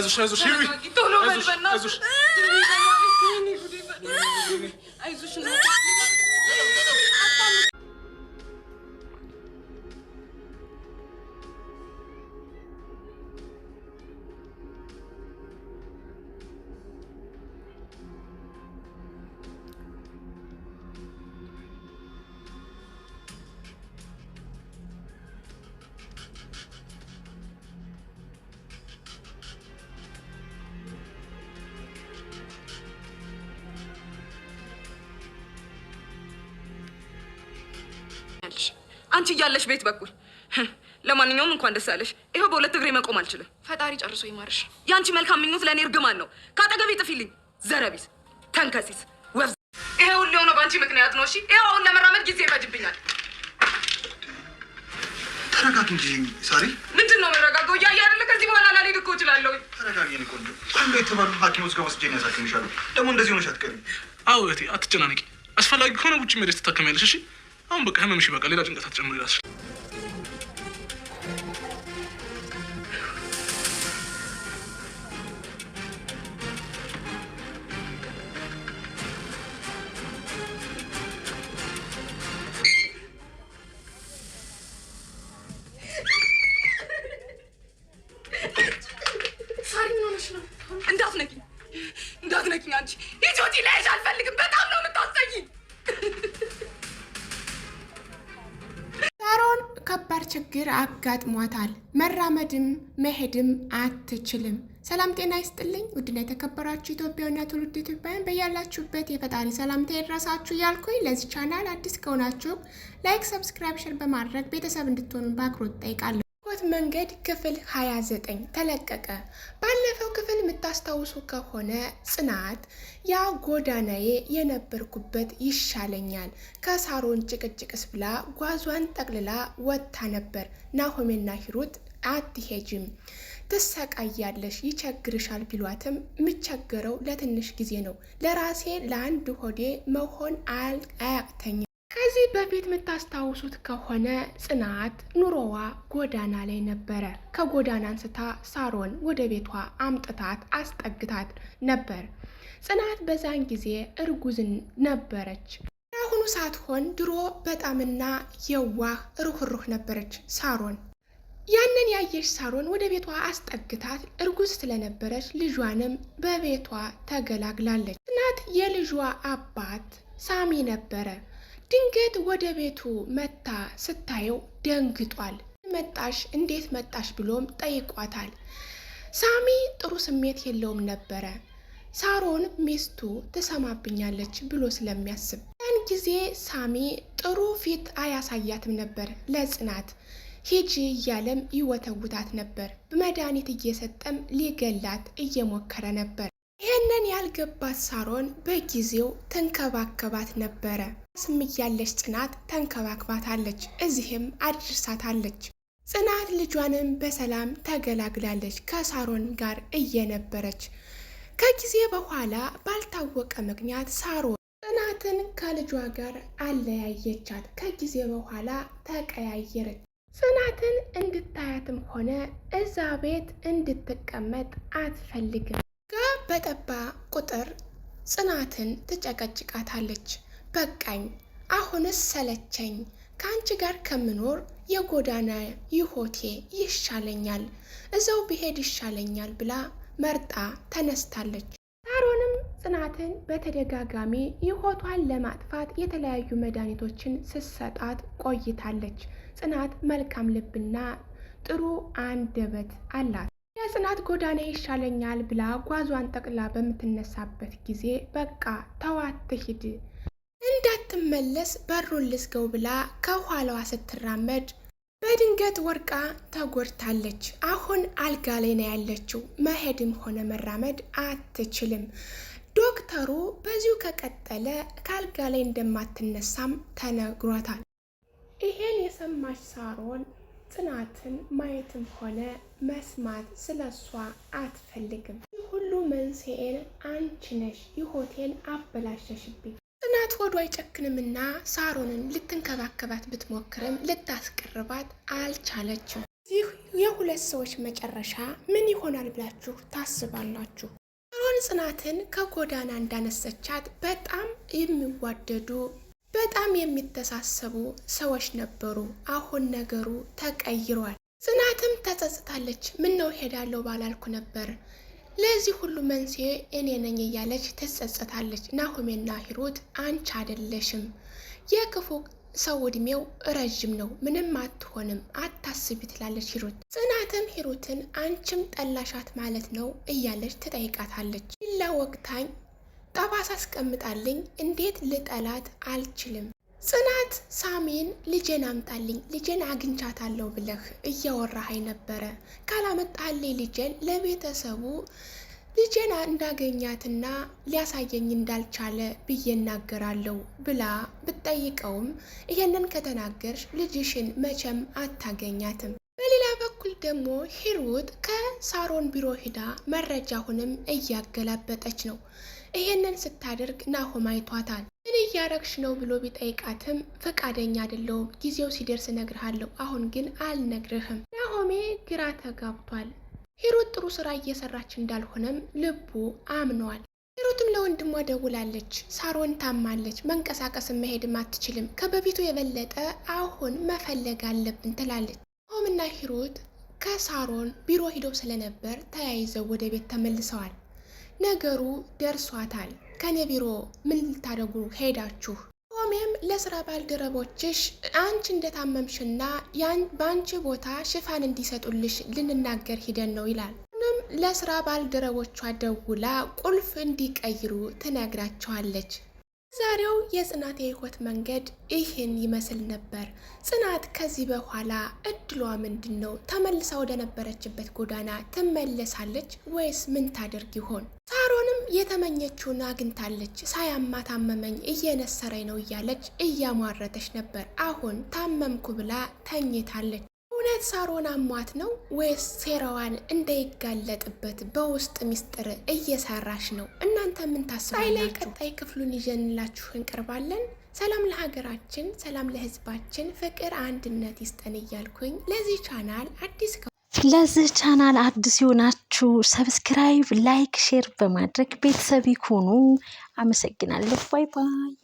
አይዞሽ አይዞሽ አንቺ እያለሽ ቤት በኩል ለማንኛውም እንኳን ደስ ያለሽ። ይኸው በሁለት እግሬ መቆም አልችልም። ፈጣሪ ጨርሶ ይማርሽ። የአንቺ መልካም ምኞት ለእኔ እርግማን ነው። ከአጠገቤ ጥፊልኝ። ዘረቢስ፣ ተንከሲስ፣ ወፍ። ይሄ ሁሉ የሆነው በአንቺ ምክንያት ነው። እሺ፣ ይኸው አሁን ለመራመድ ጊዜ ይፈጅብኛል። ተረጋጊ እንጂ ሳሪ። ምንድን ነው መረጋገው? እያየ አይደለ? ከዚህ በኋላ ላልሄድ እኮ እችላለሁ። ተረጋጊ የእኔ ቆንጆ። ቆንጆ የተባሉ ሐኪሞች ጋር ወስጄ ያሳክምሻለሁ። ደግሞ እንደዚህ ሆነሽ አትቀሪም። አዎ እህቴ፣ አትጨናነቂ። አስፈላጊ ከሆነ ውጭ መሄደሽ ትታከሚያለሽ። እሺ አሁን በቃ ህመምሽ ይበቃል። ሌላ ጭንቀት አትጨምሪ ራስሽ ከባድ ችግር አጋጥሟታል። መራመድም መሄድም አትችልም። ሰላም ጤና ይስጥልኝ። ውድና የተከበራችሁ ኢትዮጵያውያንና ትውልድ ኢትዮጵያውያን በያላችሁበት የፈጣሪ ሰላምታ ይድረሳችሁ እያልኩኝ ለዚህ ቻናል አዲስ ከሆናችሁ ላይክ፣ ሰብስክራይብ፣ ሸር በማድረግ ቤተሰብ እንድትሆኑ በአክብሮት እጠይቃለሁ። የጠፋሁት መንገድ ክፍል 29 ተለቀቀ። ባለፈው ክፍል የምታስታውሱ ከሆነ ጽናት ያ ጎዳናዬ የነበርኩበት ይሻለኛል ከሳሮን ጭቅጭቅስ ብላ ጓዟን ጠቅልላ ወጥታ ነበር። ናሆሜና ሂሩት አትሄጅም ትሰቃያለሽ፣ ይቸግርሻል ቢሏትም የምቸገረው ለትንሽ ጊዜ ነው። ለራሴ ለአንድ ሆዴ መሆን አያቅተኝም በፊት የምታስታውሱት ከሆነ ጽናት ኑሮዋ ጎዳና ላይ ነበረ። ከጎዳና አንስታ ሳሮን ወደ ቤቷ አምጥታት አስጠግታት ነበር። ጽናት በዛን ጊዜ እርጉዝን ነበረች። አሁኑ ሳትሆን ድሮ በጣምና የዋህ ሩህሩህ ነበረች ሳሮን። ያንን ያየች ሳሮን ወደ ቤቷ አስጠግታት እርጉዝ ስለነበረች ልጇንም በቤቷ ተገላግላለች። ጽናት የልጇ አባት ሳሚ ነበረ። ድንገት ወደ ቤቱ መታ ስታየው ደንግጧል። መጣሽ እንዴት መጣሽ ብሎም ጠይቋታል። ሳሚ ጥሩ ስሜት የለውም ነበረ ሳሮን ሚስቱ ትሰማብኛለች ብሎ ስለሚያስብ ያን ጊዜ ሳሚ ጥሩ ፊት አያሳያትም ነበር ለጽናት ሂጂ እያለም ይወተውታት ነበር። በመድኃኒት እየሰጠም ሊገላት እየሞከረ ነበር። ይህንን ያልገባት ሳሮን በጊዜው ትንከባከባት ነበረ። ስም ያለች ጽናት ተንከባክባታለች፣ እዚህም አድርሳታለች። ጽናት ልጇንም በሰላም ተገላግላለች ከሳሮን ጋር እየነበረች። ከጊዜ በኋላ ባልታወቀ ምክንያት ሳሮ ጽናትን ከልጇ ጋር አለያየቻት። ከጊዜ በኋላ ተቀያየረች። ጽናትን እንድታያትም ሆነ እዛ ቤት እንድትቀመጥ አትፈልግም። ጋ በጠባ ቁጥር ጽናትን ትጨቀጭቃታለች። በቃኝ፣ አሁንስ ሰለቸኝ፣ ከአንቺ ጋር ከምኖር የጎዳና ይሆቴ ይሻለኛል፣ እዛው ብሄድ ይሻለኛል ብላ መርጣ ተነስታለች። ሳሮንም ጽናትን በተደጋጋሚ ይሆቷን ለማጥፋት የተለያዩ መድኃኒቶችን ስትሰጣት ቆይታለች። ጽናት መልካም ልብና ጥሩ አንደበት አላት። የጽናት ጎዳና ይሻለኛል ብላ ጓዟን ጠቅላ በምትነሳበት ጊዜ በቃ ተዋት ትሂድ እንዳትመለስ በሩን ልስገው ብላ ከኋላዋ ስትራመድ በድንገት ወርቃ ተጎድታለች። አሁን አልጋ ላይ ነው ያለችው። መሄድም ሆነ መራመድ አትችልም። ዶክተሩ በዚሁ ከቀጠለ ከአልጋ ላይ እንደማትነሳም ተነግሯታል። ይሄን የሰማች ሳሮን ጽናትን ማየትም ሆነ መስማት ስለሷ አትፈልግም። ሁሉ መንስኤን አንቺ ነሽ፣ ሕይወቴን አበላሸሽብኝ ሆዷ አይጨክንምና ሳሮንን ልትንከባከባት ብትሞክርም ልታስቀርባት አልቻለችው። ይህ የሁለት ሰዎች መጨረሻ ምን ይሆናል ብላችሁ ታስባላችሁ? ሳሮን ጽናትን ከጎዳና እንዳነሰቻት በጣም የሚዋደዱ በጣም የሚተሳሰቡ ሰዎች ነበሩ። አሁን ነገሩ ተቀይሯል። ጽናትም ተጸጽታለች። ምን ነው ሄዳለሁ ባላልኩ ነበር ለዚህ ሁሉ መንስኤ እኔ ነኝ እያለች ትጸጸታለች። ናሆሜና ሂሩት አንቺ አይደለሽም የክፉ ሰው እድሜው ረዥም ነው፣ ምንም አትሆንም፣ አታስቢ ትላለች ሂሩት። ጽናትም ሂሩትን አንቺም ጠላሻት ማለት ነው እያለች ትጠይቃታለች። ቢላ ወቅታኝ ጠባሳ አስቀምጣልኝ እንዴት ልጠላት አልችልም ጽናት ሳሜን ልጄን አምጣልኝ ልጄን አግኝቻታለሁ ብለህ እያወራኸኝ ነበረ። ካላመጣልኝ ልጄን ለቤተሰቡ ልጄን እንዳገኛትና ሊያሳየኝ እንዳልቻለ ብዬ እናገራለሁ ብላ ብትጠይቀውም ይህንን ከተናገርሽ ልጅሽን መቼም አታገኛትም በሌላ በኩል ደግሞ ሂሩት ከሳሮን ቢሮ ሂዳ መረጃ መረጃውንም እያገላበጠች ነው። ይሄንን ስታደርግ ናሆም አይቷታል። ምን እያረግሽ ነው ብሎ ቢጠይቃትም ፈቃደኛ አይደለውም ጊዜው ሲደርስ እነግርሃለሁ፣ አሁን ግን አልነግርህም። ናሆሜ ግራ ተጋብቷል። ሂሩት ጥሩ ስራ እየሰራች እንዳልሆነም ልቡ አምኗል። ሂሩትም ለወንድሟ ደውላለች። ሳሮን ታማለች፣ መንቀሳቀስም መሄድም አትችልም፣ ከበፊቱ የበለጠ አሁን መፈለግ አለብን ትላለች። አብርሽና ሂሩት ከሳሮን ቢሮ ሂደው ስለነበር ተያይዘው ወደ ቤት ተመልሰዋል። ነገሩ ደርሷታል። ከኔ ቢሮ ምን ልታደርጉ ሄዳችሁ? ሆሜም ለስራ ባልደረቦችሽ አንቺ እንደታመምሽና በአንቺ ቦታ ሽፋን እንዲሰጡልሽ ልንናገር ሂደን ነው ይላል። ምንም ለስራ ባልደረቦቿ ደውላ ቁልፍ እንዲቀይሩ ትነግራቸዋለች። ዛሬው የጽናት የህይወት መንገድ ይህን ይመስል ነበር። ጽናት ከዚህ በኋላ እድሏ ምንድን ነው? ተመልሳ ወደ ነበረችበት ጎዳና ትመለሳለች ወይስ ምን ታደርግ ይሆን? ሳሮንም የተመኘችውን አግኝታለች። ሳያማ ታመመኝ እየነሰረኝ ነው እያለች እያሟረተች ነበር። አሁን ታመምኩ ብላ ተኝታለች። እውነት ሳሮን አሟት ነው ወይስ ሴራዋን እንዳይጋለጥበት በውስጥ ሚስጥር እየሰራች ነው? እናንተ ምን ታስባላችሁ? ላይ ቀጣይ ክፍሉን ይዘንላችሁ እንቀርባለን። ሰላም ለሀገራችን፣ ሰላም ለህዝባችን ፍቅር አንድነት ይስጠን እያልኩኝ ለዚህ ቻናል አዲስ ለዚህ ቻናል አዲስ የሆናችሁ ሰብስክራይብ፣ ላይክ፣ ሼር በማድረግ ቤተሰብ ይሁኑ። አመሰግናለሁ። ባይ ባይ